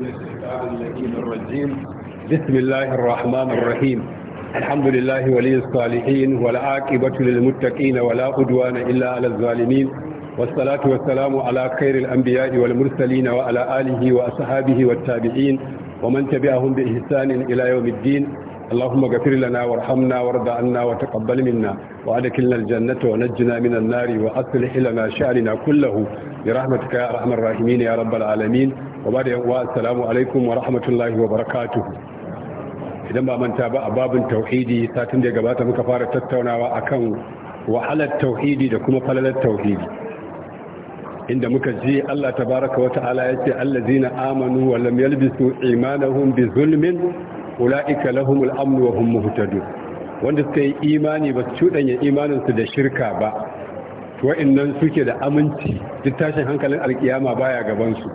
من الشيطان اللئيم الرجيم بسم الله الرحمن الرحيم الحمد لله ولي الصالحين والعاقبة للمتقين ولا عدوان إلا على الظالمين والصلاة والسلام على خير الأنبياء والمرسلين وعلى آله وأصحابه والتابعين ومن تبعهم بإحسان إلى يوم الدين اللهم اغفر لنا وارحمنا وارض عنا وتقبل منا وادخلنا الجنة ونجنا من النار وأصلح لنا شأننا كله برحمتك يا أرحم الراحمين يا رب العالمين وبعد السلام عليكم ورحمة الله وبركاته idan ba manta ba a babin tauhidi satin da gabata muka fara tattaunawa akan wahalar tauhidi da kuma falalar tauhidi inda muka ji Allah tabaraka wa ta'ala yace allazina amanu wa lam yalbisu imanahum bi zulmin ula'ika lahumul amnu wa hum muhtadun wanda suka yi imani ba su imanin su da shirka ba wa'annan suke da aminci duk tashin hankalin alkiyama baya gabansu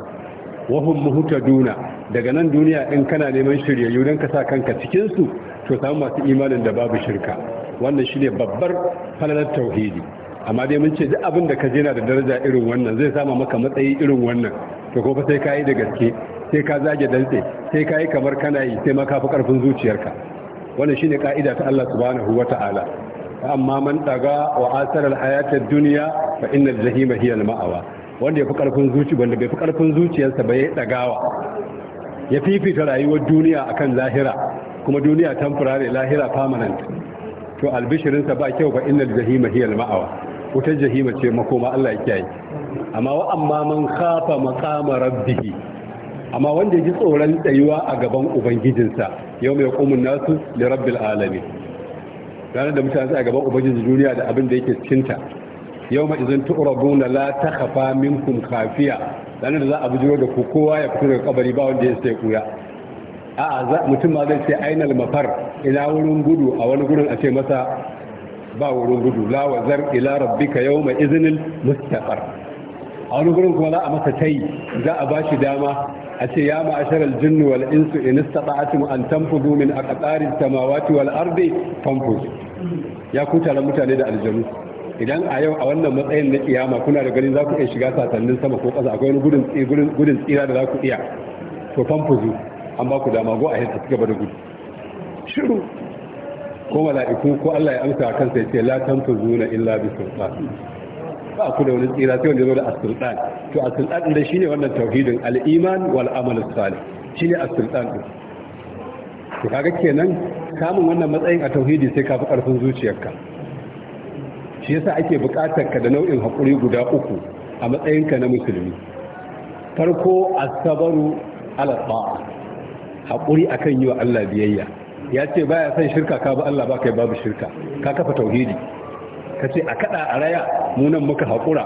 hum muhtaduna daga nan duniya in kana neman shiryayyu don ka sa kanka cikin su to samu masu imanin da babu shirka wannan shine babbar falalar tauhidi amma dai mun ce duk abin da ka je na da daraja irin wannan zai sama maka matsayi irin wannan to ko fa sai ka yi da gaske sai ka zage dantse sai ka yi kamar kana yi sai ma ka fi karfin zuciyarka wannan shine ka'ida ta Allah subhanahu wata'ala amma man daga wa asar al hayat ad-dunya fa inna al-jahima hiya al-ma'awa wanda ya fi karfin zuci wanda bai fi karfin zuciyarsa ba ya dagawa ya fifita rayuwar duniya akan lahira kuma duniya temporary lahira permanent to albishirinsa ba kyau fa inna al-jahima hiya al-ma'awa wutar jahima ce makoma Allah ya kiyaye amma wa amma man khafa maqama rabbih amma wanda ya ji tsoron tsayuwa a gaban ubangijinsa yau mai kumun nasu da rabbil alami ranar da mutane a gaban ubangijin duniya da abin da yake cinta yau mai izin tu'rabuna la takhafa minkum kafiya ranar da za a bujiro da ku kowa ya fito daga kabari ba wanda ya sai kuya a mutum ma zai ce ainal mafar ina wurin gudu a wani gurin a ce masa ba wurin gudu la wazar ila rabbika mai izinin mustafar a wani gurin kuma za a masa tayi za a bashi dama a ce ya ma'ashar aljinnu wal insu in istata'atum an tanfudu min aqtari samawati wal ardi fanfuz ya ku tare mutane da aljanu idan a yau a wannan matsayin na kiyama kuna da ganin za ku iya shiga satannin sama ko ƙasa akwai wani gudun tsira da za ku iya to fanfuzu an ba ku dama go a yadda gaba da gudu shiru ko mala'iku ko Allah ya amsa kansa ya ce la tanfuzuna illa bi sultan ba ku da wani tsira sai wanda zo da as to as din shine wannan tauhidin al-iman wal amal salih shine as din to kaga kenan kamun wannan matsayin a tauhidi sai ka fi karfin zuciyarka shi yasa ake bukatar ka da nau'in hakuri guda uku a matsayinka na musulmi farko Asabaru ala ta'a hakuri akan yiwa Allah biyayya ya ce baya son shirka ka ba Allah ba kai babu shirka ka kafa tauhidi ka ce a kada a raya mu muka haƙura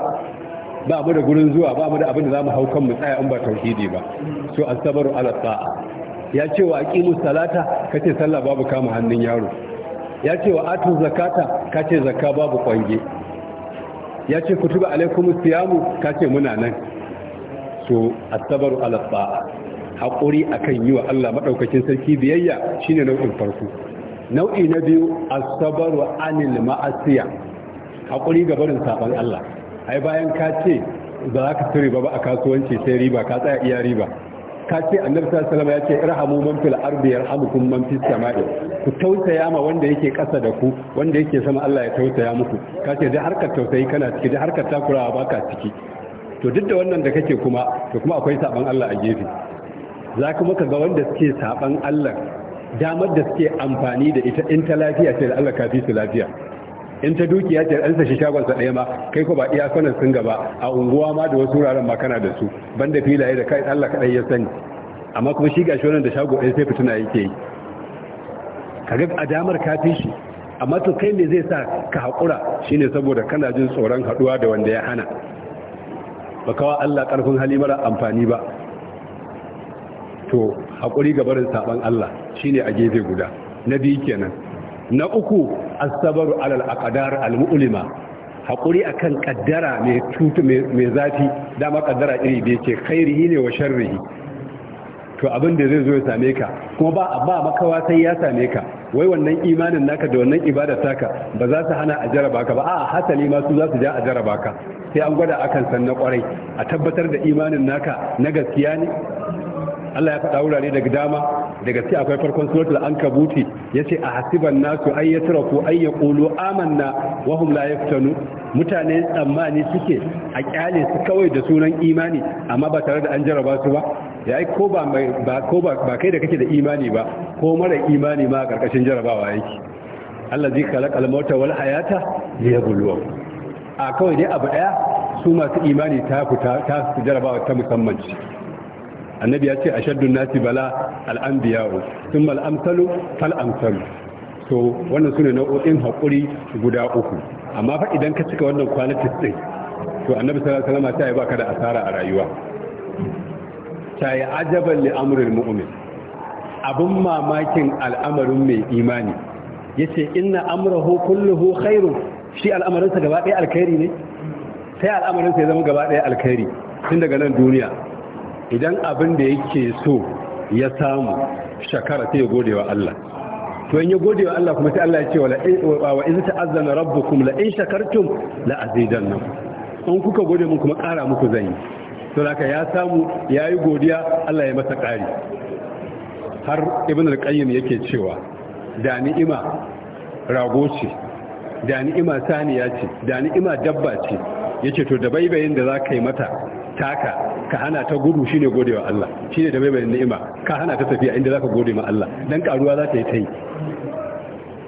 ba mu da gurin zuwa ba mu da abin da za mu hau kanmu tsaya in ba tauhidi ba so asabaru ala sa'a ya ce wa aqimu salata ka ce sallah babu kama hannun yaro ya ce wa atu zakata ka ce zakka babu kwange ya ce kutuba alaikum siyamu ka ce muna nan so asabaru ala sa'a haƙuri akan yi wa Allah maɗaukacin sarki biyayya shine nau'in farko nau'i na biyu asabaru anil ma'asiya haƙuri ga barin saban Allah ai bayan ka ce ba za ka ci ba a kasuwanci sai riba ka tsaya iya riba ka ce annabi sallallahu ya ce irhamu man fil ardi yarhamukum man fis samai ku tausaya ma wanda yake kasa da ku wanda yake sama Allah ya tausaya muku ka ce da harkar tausayi kana ciki da harkar takurawa ba ka ciki to duk da wannan da kake kuma to kuma akwai saban Allah a gefe za kuma ka ga wanda suke saban Allah damar da suke amfani da ita in ta lafiya sai da Allah kafi su lafiya in ta dukiya ce an sashi shagonsa ɗaya ma kai ko ba iyakunan sun gaba a unguwa ma da wasu wuraren ma kana da su banda filaye da kai Allah kaɗai ya sani amma kuma shi gashi wannan da shago ɗaya sai fituna yake yi kaga a damar ka fi shi amma to kai ne zai sa ka haƙura shine saboda kana jin tsoron haduwa da wanda ya hana ba kawa Allah ƙarfin hali mara amfani ba to haƙuri ga barin saɓan Allah shine a gefe guda na biyu kenan na uku asabaru alal aqdar al mu'lima hakuri akan kaddara mai tutu mai zafi dama kaddara iri bai ce khairihi ne wa sharrihi to abin da zai zo ya same ka kuma ba ba makawa sai ya same ka wai wannan imanin naka da wannan ibada taka ba za su hana a jaraba ka ba a hasali ma su za su ja a jaraba ka sai an gwada akan san na kwarai a tabbatar da imanin naka na gaskiya ne Allah ya faɗa wurare daga dama Daga gaske akwai farkon suratul ya ce a hasiban nasu ay ko ay yaqulu amanna wa hum la yaftanu mutane tsammani suke a kyale su kawai da sunan imani amma ba tare da an jarraba su ba yayi ko ba ko ba kai da kake da imani ba ko mara imani ma a karkashin jarrabawa yake Allah zai al mauta wal hayata yabluwa a kawai dai abu daya su masu imani ta ku ta jarrabawa ta musamman annabi ya ce a shaddun nasi bala al'anbiya'u thumma al'amsalu fal amsalu to wannan ne nau'o'in haƙuri guda uku amma fa idan ka cika wannan kwanaki ɗin to annabi salama alaihi yi ba ka da asara a rayuwa ta yi ajabar li'amurin amrul abin abun mamakin al'amarin mai imani ya ce ina amurahu kulluhu khairu shi al'amarinsa gaba ɗaya alkhairi ne sai al'amarinsa ya zama gaba ɗaya alkhairi tun daga nan duniya idan abin da yake so ya samu shakara sai ya gode wa Allah to in ya gode wa Allah kuma sai Allah ya ce in wa in ta'azzana rabbukum la in shakartum la azidannakum in kuka gode mun kuma ƙara muku zanyi yi to laka ya samu yayi godiya Allah ya masa ƙari har ibn al-qayyim yake cewa da ni'ima rago ce da ni'ima saniya ce da ni'ima dabba ce yace to da baibayin da zaka yi mata taka ka hana ta gudu shine godewa Allah shine da maimayin ni'ima ka hana ta tafiya inda zaka gode ma Allah dan karuwa za ta yi ta yi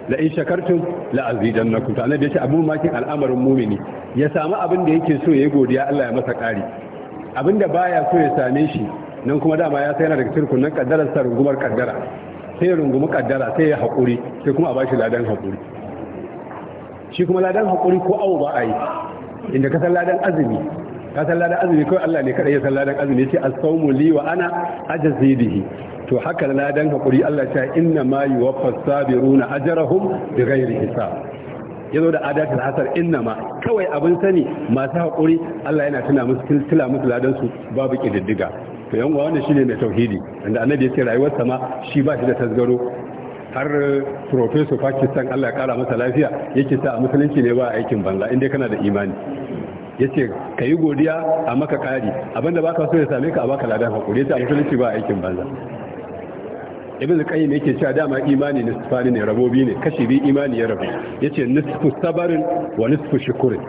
la in shakartum la azidannakum to annabi yace abun makin al'amarin mumini ya samu abin da yake so yayi godiya Allah ya masa kari abin da baya so ya same shi nan kuma dama ya sayar daga cikin nan kaddarar sa rungumar kaddara sai rungumi kaddara sai ya haƙuri sai kuma a bashi ladan haƙuri shi kuma ladan haƙuri ko awo ba a yi inda kasar ladan azumi ka san ladan azumi kawai Allah ne kada ya san ladan azumi ce as-sawmu li wa ana ajzidihi to haka ladan hakuri Allah ta inna ma yuwaffas sabiruna ajrahum bighairi hisab ya zo da al hasar inna ma kawai abin sani masu hakuri Allah yana tuna musu tiltila musu su babu kididdiga to yan wannan shine mai tauhidi inda annabi ya ce rayuwar sama shi ba shi da tasgaro har eh, professor Pakistan Allah ya kara masa lafiya yake sa a musulunci ne ba aikin banza inda kana da imani yace ka yi godiya a maka kari abinda baka so ya same ka a baka ladan hakuri yace a musulunci ba aikin banza ibn ne yake cewa dama imani nisfani ne rabobi ne kashi bi imani ya rabu yace nisfu sabarin wa nisfu shukurin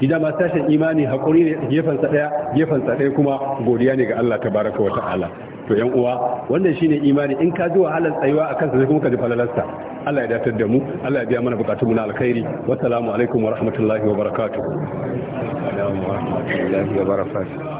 shi dama sashen imani hakuri ne gefen sa daya gefen sa kuma godiya ne ga Allah tabaraka wa ta'ala to yan uwa wannan shine imani in ka ji wahalar tsayuwa akan sa sai kuma ka ji falalarsa Allah ya datar da mu Allah ya biya mana bukatunmu na alkhairi wassalamu alaikum wa rahmatullahi wa barakatuh السلام ورحمة الله وبركاته